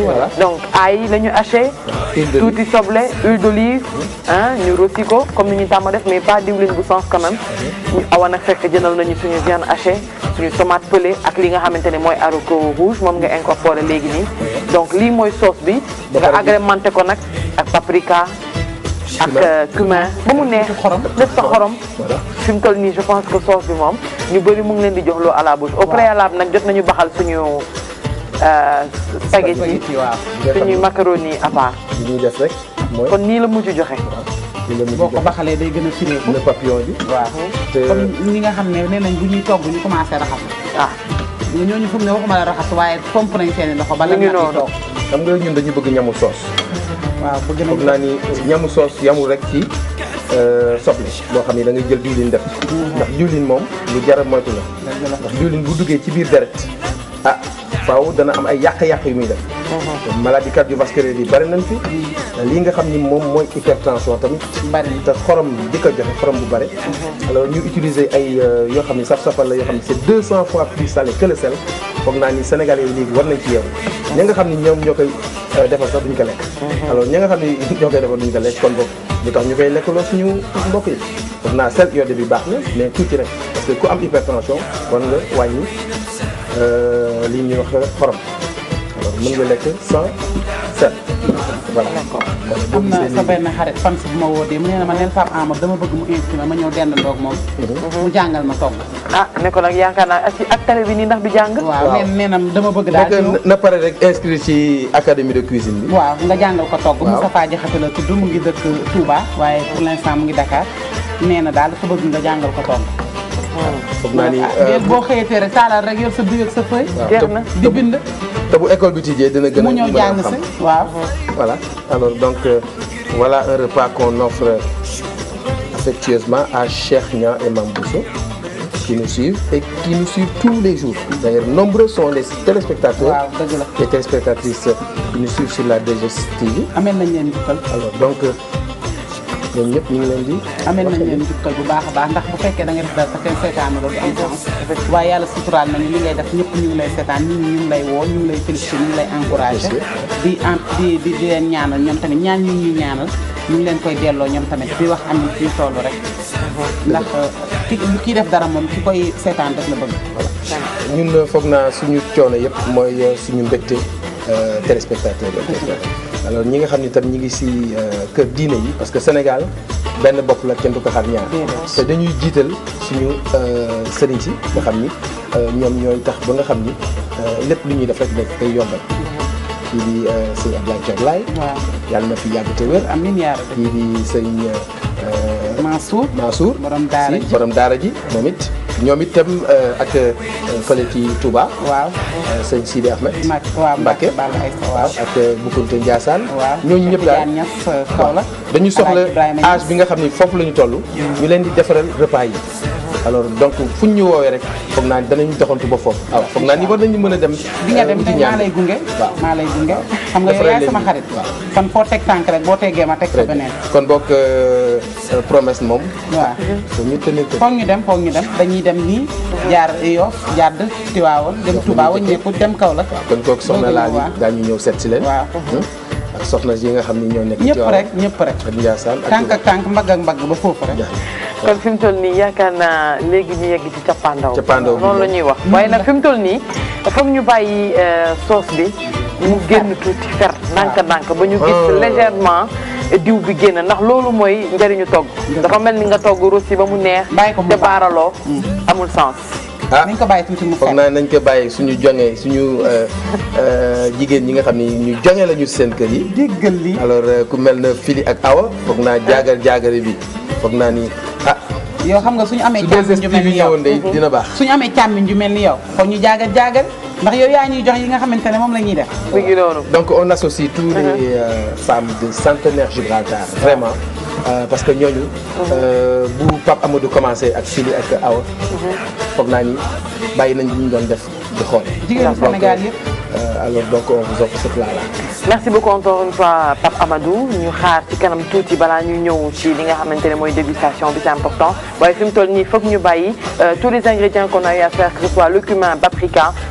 voilà donc ail la ñu haché. tuuti soble huile d'olive ah ñu rôti ko comme ni ñu tàmm def mais pas diwlin bu sens quand même. Mhm. ñu awoon fekk jëndal nañu suñu viande haché suñu tomate pelée ak li nga xamante ne mooy haricot rouge moom nga incorporé léegi nii. donc lii mooy soos bi. nga agrémenté ko nag ak paprika. ak euh, cumin ba mu neex def sa xorom fi mu toll nii je pense que sauce bi moom ñu bëri mu ngi leen di jox loo à la bouche au préalable nag jot nañu baxal suñu Euh, spaghetti suñuy macaroni à part. li ñuy def rek mooy. kon nii la mujj joxe. boo ko baxalee day gën a si le papillon bi waaw. te nga xam ne nee nañ bu ñuy togg ñu commencé raxas. Ah. waaw ñooñu fu mu ne waxuma la raxas waaye pomp nañ seen i loxo ba la ñu toog. xam nga ñun dañuy bëgg ñamu soos. waaw bëgg nañu foog naa ni ñamu soos yamul rek ci euh, soble. loo xam ne da ngay jël diwlin def ci. Mm-hmm. ndax diwlin moom lu jar a moytu la. ndax bu duggee ci biir deret ah. faaw dana am ay yàq-yàq yu muy def uh-huh. maladie cardiovasculaire yi bari nañ fi mm-hmm. lii nga xam ni moom mooy hypertension tamit te xorom di ko joxe xorom bu bari mm-hmm. alors ñu utiliser ay euh, yoo xam ne saf-safal la yoo xam ne c'est deux cent fois plus salé que le sel foog naa ni sénégalais yi léegi war nañ ci yeewu mm-hmm. ña nga xam ni ñoom ñoo koy euh, defar sax duñ ko lekk alors ña nga xam ni ñoo koy defar duñ ko lekk kon boog lu tax ñu koy lekkaloo suñu mbokk yi foog naa sel iodé bi baax na mais tuuti rek parce que ku am hypertension Euh, li ñuy wax xorom alors mën nga lekk sans sel. voilà am na sa benn xarit fan si bu ma woo mu ne ma neen Pape Amadou dama bëgg mu invité ma ñëw dendandoo ak moom. Mhm. mu jàngal ma togg. ah ne ko nag yaakaar naa ak ci ak bi nii ndax du jàng. waaw nee na dama bëgg daal na pare rek inscrit ci académie de cuisine bi. waaw nga jàngal ko togg. waaw Moustapha Diakhaté la tudd mu ngi dëkk Touba waaye pour l'instant mu ngi dakaar nee na daal dafa bëgg nga jàngal ko togg. foog naa ni ah, euh, boo xëyatee rek taalal rek yor sa biir ak sa na te bu école bi tijjee dina gën a. ñëw jàng si waaw. voilà alors donc euh, voilà un repas qu'on à Cheikh Niang et Mame Bousso qui nous suivent tous les jours. D'ailleurs, nombreux sont les téléspectateurs et qui nous suivent sur la 2STV. Amel nañ leen alors donc. Euh, ñoom ñëpp ñu ngi leen di. amee nañ leen njukkal bu baax a baax ndax bu fekkee da nga def dara sa kenn seetaan loolu am chance li ngay def ñëpp ñu ngi lay seetaan ñu ngi lay woo ñu ngi lay félicité ñu ngi lay encouragé di leen ñaanal ñoom ñaan ñu ñu ngi leen koy delloo ñoom tamit di wax am fi ñu toll rek ndax ki kii def dara moom ki koy seetaan def la bëgg ñun foog naa suñu coono yëpp mooy suñu mbégte euh, téléspectateur la alors ñi nga xam ne itam ñi ngi si euh, kër diine yi parce que Sénégal benn bopp la kenn du ko xar ñaar te dañuy jiital suñu euh, sëriñ si nga xam ni euh, ñoom ñooy tax ba nga xam ni lépp lu ñuy def rek nekk koy yombal kii di na fi yàgg te wér kii di sëñ Mansour Mansour borom daara ji moom it ñoom itam euh, ak euh, fële ci Touba. waaw euh, sëñ Sidi Ahmed. waaw Mbacke waaw ak Boukounte Ndiassane. waaw ñooñu ñëpp daal dañu soxla âge bi nga xam ni foofu la ñu toll. Mm. ñu leen di defaral repas yi. alors donc fu ñu woowee rek foog naa danañ doxantu ba foofu waaw ah, foog naa ni war nañu mën a dem di nga dem euh, maa lay gunge waaw maa lay gunge xam nga yow yaay sama xarit kon foo teg tànk boo teggee ma teg sa beneen kon boog euh, euh, promesse moom waaw foog ñu ko foog ñu dem foog ñu dem dañuy dem nii jaar Yoff jaar dë Tiwaawoon dem Touba wëññeeku dem kaw Kaolack kon kooku soxna laa yi daañu ñëw seet si leen waaw hmm? ak soxna yi nga xam ne ñoo nekk ñëpp rek ñëpp rek ak Ndiassane tànk ak tànk mbagg ak mbagg ba foofu rek kon fi toll nii yaakaar naa léegi ñu yegg ci cappaandaw. cappaandaw bi noonu la ñuy wax. Mm. waaye na fi mu toll nii foog ñu bàyyi euh, sauce bi mu génn tuuti fer ndànk-ndànk ba ñu gis oh. légèrement. diw bi génn ndax loolu mooy njëriñu togg. dafa mel ni nga togg rossi ba mu neex. bàyyi ko mu te baaraloo. Mm. amul sens. ah nañ ko bàyyi tuuti mu foog naa nañ ko bàyyi suñu jongee suñu euh, euh, jigéen ñi nga xam ne ñu jonge lañu seen kër yi. déggal li alors ku mel na fili ak awa foog naa jaagar jaagari bi foog naa ni. yow xam nga mhm. suñu amee càmmiñ ju mel ni yow dina baax suñu amee càmmiñ mel ni yow ñu jaagal jaagal ndax yow yaa ñuy jox yi nga xamante ne moom la ñuy def mi ngi noonu donc on associe tous les mhm. euh, femmes de centenaire Gibraltar vraiment mhm. euh, parce que ñooñu euh, bu Pape Amadou commencé ak Sili ak aw foog naa ni bàyyi nañ li ñu doon def di xool jigéenu Sénégal yëpp alors donc on vous offre ce plat là merci beaucoup encore une fois ñu xaar ci kanam tuuti balaa ñu ñëw ci li nga xamante ne mooy dégustation bi c'est important waaye fi mu toll nii foog ñu bàyyi euh, tous les ingrédients qu'on a eu à faire que ce soit le cumin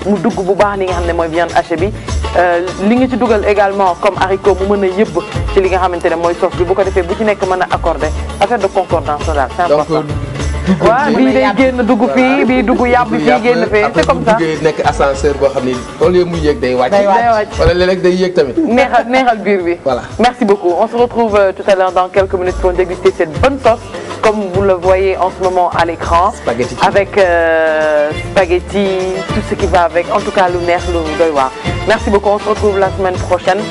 mu dugg bu baax li nga xam ne mooy viande hachée bi euh, li nga ci dugal également comme haricot mu mën a yëbb ci li nga xamante ne mooy sauce bi bu ko defee bu ci nekk mën a accordé affaire de concordance la daal c'est important euh, waaw bii day génn dugg fii bii dugg yàbb fii génn fee c'est comme ça duggee nekk ascenseur boo xam ni au lieu muy yéeg day wàcc day wàcc wala léeg-léeg day yéeg tamit neexal neexal biir bi voilà merci beaucoup on se retrouve euh, tout à l'heure dans quelques minutes pour déguster cette bonne sauce comme vous le voyez en ce moment à l'écran spaghetti avec euh, spaghetti tout ce qui va avec en tout cas lu neex lu doy waar merci beaucoup on se retrouve la semaine prochaine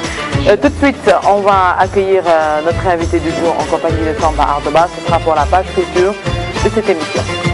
euh, tout de suite on va accueillir euh, notre invité du jour en compagnie de Samba Ardoba ce sera pour la page culture c'était bien.